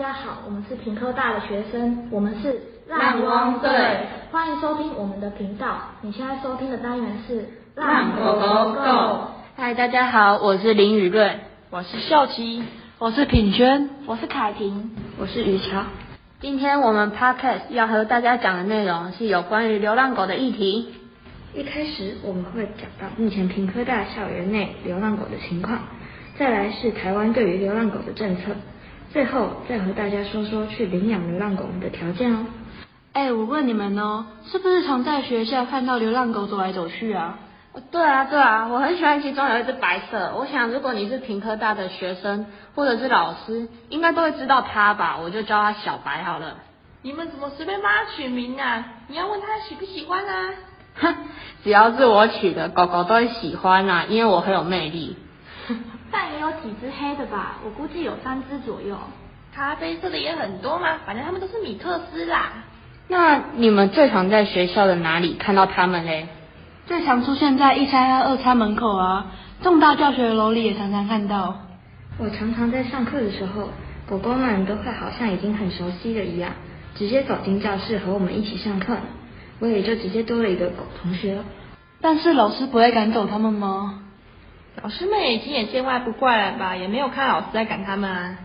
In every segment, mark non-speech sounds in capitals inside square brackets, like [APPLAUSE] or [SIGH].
大家好，我們是屏科大的學生，我們是浪汪隊，歡迎收聽我們的頻道。你現在收聽的單元是浪狗狗 Go。嗨，大家好，我是林瑀芮，我是琇棋，我是品萱，我是凱婷，我是羽喬。今天我們 podcast 要和大家講的內容是有關於流浪狗的議題。一開始我們會講到目前屏科大校園內流浪狗的情況。再來是台灣對於流浪狗的政策，最後再和大家說說去領養流浪狗的條件哦。哎、欸，我問你們哦，是不是常在學校看到流浪狗走來走去啊？對啊對啊，我很喜歡其中有一只白色，我想如果你是屏科大的學生或者是老師，應該都會知道它吧？我就叫它小白好了。你們怎麼隨便幫它取名啊？你要問它喜不喜歡啊？哼，只要是我取的狗狗都會喜歡啊，因為我很有魅力。有幾只黑的吧，我估計有三只左右。咖啡色的也很多嗎？反正他們都是米克斯啦。那你們最常在學校的哪裡看到他們嘞？最常出現在一餐二餐門口啊，重大教學樓裡也常常看到。我常常在上課的時候，狗狗們都會好像已經很熟悉了一樣，直接走進教室和我們一起上課。我也就直接多了一個狗同學。但是老師不會趕走他們嗎？老師們已經也見怪不怪了吧？也沒有看老師在趕他們啊。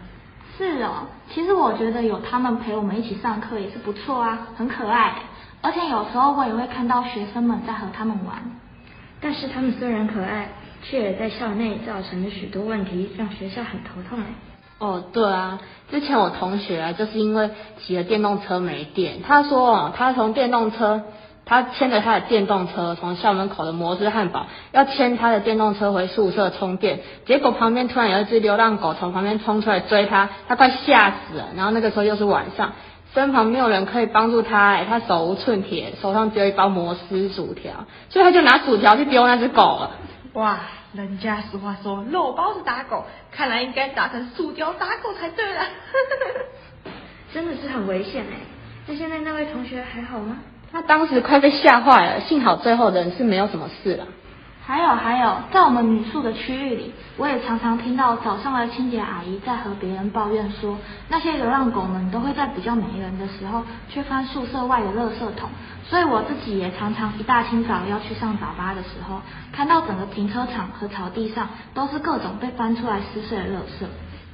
是哦，其實我覺得有他們陪我們一起上課也是不錯啊，很可愛。而且有時候我也會看到學生們在和他們玩。但是他們雖然可愛，卻也在校內造成了許多問題，讓學校很頭痛。誒哦，對啊，之前我同學啊就是因為騎了電動車沒電，他說哦他從電動車。他牽着他的電動車從校門口的摩斯漢堡要牽他的電動車回宿舍充電，結果旁邊突然有一隻流浪狗從旁邊衝出來追他，他快嚇死了。然後那個時候又是晚上，身旁沒有人可以幫助他，哎，他手無寸鐵，手上只有一包摩斯薯條，所以他就拿薯條去丟那隻狗了。哇，人家俗話說肉包子打狗，看來應該打成薯條打狗才對啦。 [LAUGHS] 真的是很危險哎、欸，那現在那位同學還好嗎？那當時快被嚇壞了，幸好最後人是沒有什麼事了。還有還有，在我們女宿的區域裡，我也常常聽到早上的清潔阿姨在和別人抱怨說，那些流浪狗們都會在比較沒人的時候去翻宿舍外的垃圾桶。所以我自己也常常一大清早要去上早八的時候，看到整個停車場和草地上都是各種被翻出來撕碎的垃圾。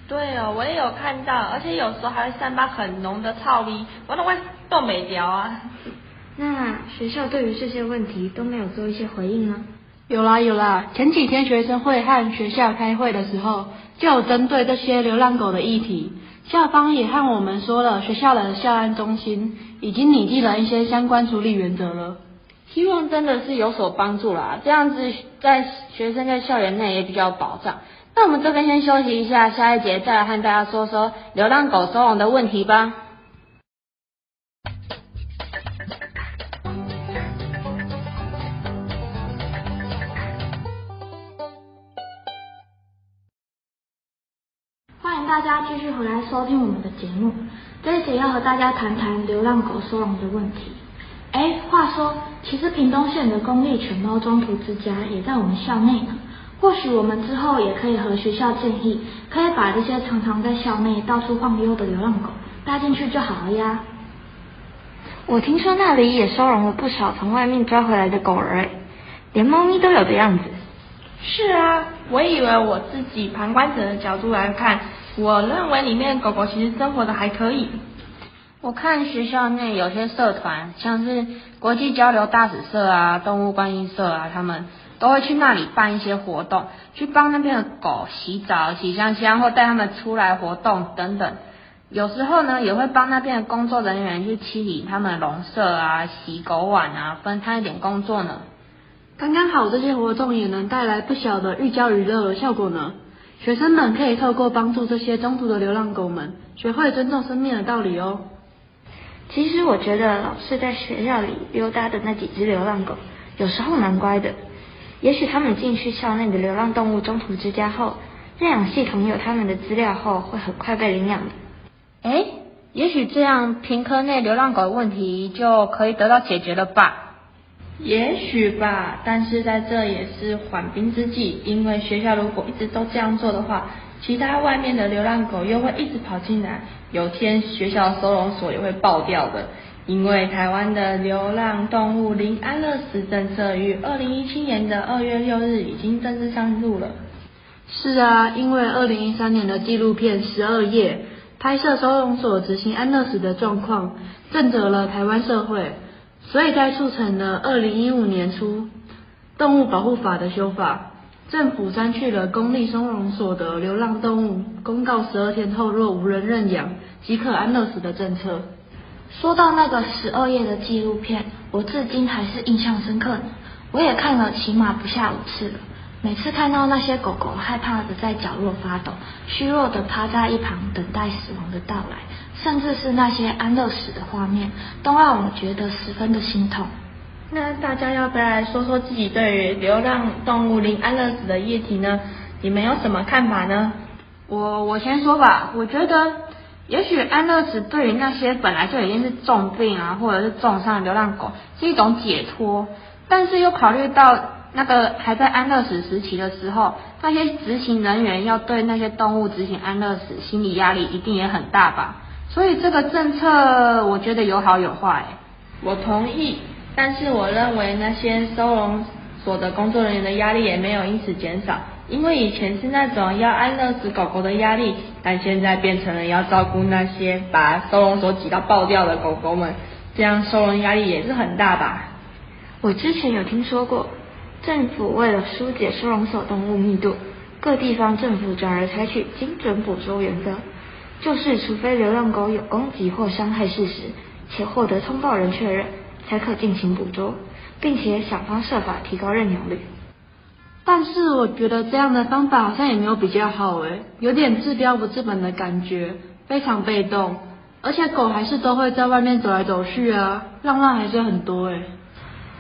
對哦，我也有看到，而且有時候還會散發很濃的臭味，我都會凍未條啊。那學校對於這些問題都沒有做一些回應呢？有啦有啦，前幾天學生會和學校開會的時候，就有針對這些流浪狗的議題，校方也和我們說了，學校的校安中心已經擬定了一些相關處理原則了，希望真的是有所幫助啦啊。這樣子在學生在校園內也比較保障。那我們這邊先休息一下，下一節再來和大家說說流浪狗收容的問題吧。大家繼續回來收聽我們的節目，這一節要和大家談談流浪狗收容的問題。哎，話說，其實屏東縣的公立犬貓中途之家也在我們校內呢，或許我們之後也可以和學校建議，可以把這些常常在校內到處晃悠的流浪狗帶進去就好了呀。我聽說那裡也收容了不少從外面抓回來的狗兒，連貓咪都有的樣子。是啊，我以為我自己旁觀者的角度來看，我認為裡面狗狗其實生活的還可以。我看學校內有些社團，像是國際交流大使社啊、動物觀音社啊，他們都會去那裡辦一些活動，去幫那邊的狗洗澡、洗香香，或帶他們出來活動等等。有時候呢，也會幫那邊的工作人員去清理他們的籠舍啊、洗狗碗啊，分攤一點工作呢。剛剛好，這些活動也能帶來不小的寓教於樂的效果呢。學生們可以透過幫助這些中途的流浪狗們，學會尊重生命的道理哦。其實我覺得，老師在學校裡溜達的那幾隻流浪狗，有時候蠻乖的。也許他們進去校內的流浪動物中途之家後，認養系統有他們的資料後，會很快被領養的。哎，也許這樣，平科屏科內流浪狗問題就可以得到解決了吧？也許吧，但是在這也是緩兵之計，因為學校如果一直都這樣做的話，其他外面的流浪狗又會一直跑進來，有天學校收容所也會爆掉的。因為台灣的流浪動物零安樂死政策於二零一七年的二月六日已經正式上路了。是啊，因為二零一三年的紀錄片《十二夜》拍攝收容所執行安樂死的狀況，震懾了台灣社會。所以，才促成了二零一五年初動物保護法的修法，政府刪去了公立收容所的流浪動物公告十二天後若無人認養，即可安樂死的政策。說到那個十二夜的紀錄片，我至今還是印象深刻的，我也看了起碼不下五次了。每次看到那些狗狗害怕的在角落發抖，虛弱的趴在一旁等待死亡的到來，甚至是那些安樂死的畫面，都讓我們覺得十分的心痛。那大家要不要來說說自己對於流浪動物零安樂死的議題呢？你們有什麼看法呢？我我先說吧，我覺得也許安樂死對於那些本來就已經是重病啊，或者是重傷的流浪狗是一種解脫，但是又考慮到。那個還在安樂死時期的時候，那些執行人員要對那些動物執行安樂死，心理壓力一定也很大吧？所以這個政策我覺得有好有壞欸。我同意，但是我認為那些收容所的工作人員的壓力也沒有因此減少，因為以前是那種要安樂死狗狗的壓力，但現在變成了要照顧那些把收容所擠到爆掉的狗狗們，這樣收容壓力也是很大吧？我之前有聽說過。政府為了疏解收容所動物密度，各地方政府轉而採取精準捕捉原則，就是除非流浪狗有攻擊或傷害事實，且獲得通報人確認，才可進行捕捉，並且想方設法提高認養率。但是我覺得這樣的方法好像也沒有比較好誒，有點治標不治本的感覺，非常被動，而且狗還是都會在外面走來走去啊，浪浪還是很多誒。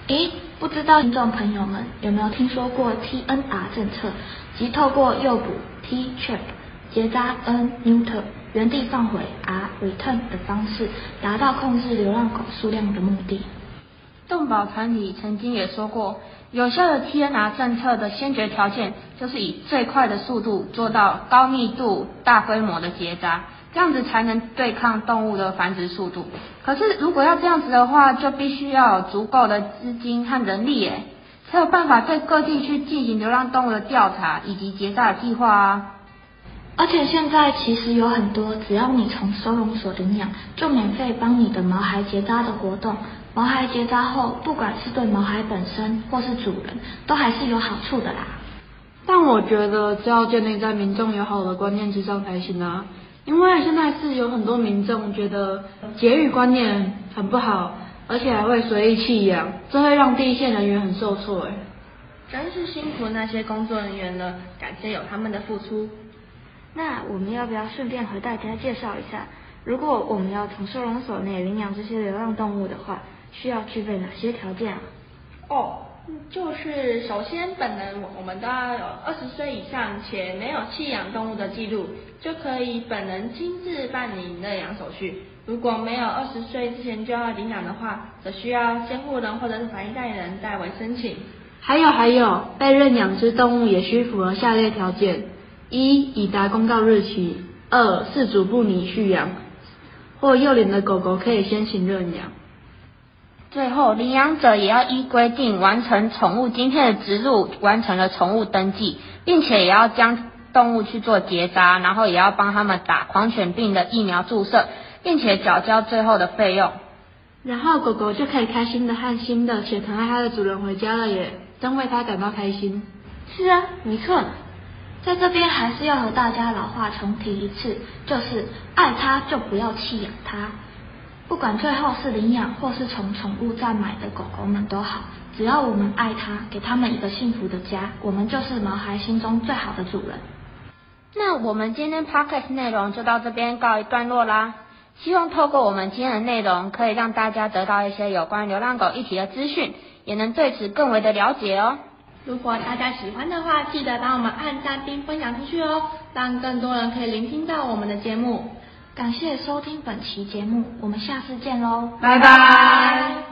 咦，不知道聽眾朋友們有沒有聽說過 TNR 政策，即透過誘捕 T trap、結紮 N neuter、原地放回 R return 的方式，達到控制流浪狗數量的目的。動保團體曾經也說過，有效的 TNR 政策的先決條件，就是以最快的速度做到高密度、大規模的結紮。這樣子才能對抗動物的繁殖速度。可是如果要這樣子的話，就必須要有足夠的資金和人力耶，才有辦法對各地去進行流浪動物的調查以及結扎的計劃啊。而且現在其實有很多，只要你從收容所領養，就免費幫你的毛孩結扎的活動。毛孩結紮後，不管是對毛孩本身或是主人，都還是有好處的啦。但我覺得，只要建立在民眾友好的觀念之上才行啊。因為現在是有很多民眾覺得節育觀念很不好，而且還會隨意棄養，這會讓第一線人員很受挫。誒，真是辛苦那些工作人員了，感謝有他們的付出。那我們要不要順便和大家介紹一下，如果我們要從收容所內領養這些流浪動物的話，需要具備哪些條件啊？哦。就是首先本人我們都要有二十歲以上且沒有棄養動物的記錄，就可以本人親自辦理認養手續。如果沒有二十歲之前就要領養的話，則需要監護人或者是法定代理人代為申請。還有還有，被認養之動物也需符合下列條件：一、已達公告日期；二、飼主不擬續養，或幼齡的狗狗可以先行認養。最後，領養者也要依規定完成寵物晶片的植入，完成了寵物登記，並且也要將動物去做結紮，然後也要幫他們打狂犬病的疫苗注射，並且繳交最後的費用。然後狗狗就可以開心的和新的且疼愛它的主人回家了也，也真為它感到開心。是啊，沒錯，在這邊還是要和大家老話重提一次，就是愛它就不要棄養它。不管最後是領養或是從寵物站買的狗狗們都好，只要我們愛它，給他們一個幸福的家，我們就是毛孩心中最好的主人。那我們今天 podcast 內容就到這邊告一段落啦，希望透過我們今天的內容可以讓大家得到一些有關流浪狗議題的資訊，也能對此更為的了解哦。如果大家喜歡的話，記得幫我們按讚並分享出去哦，讓更多人可以聆聽到我們的節目。感謝收聽本期節目，我們下次見嘍，拜拜。拜拜。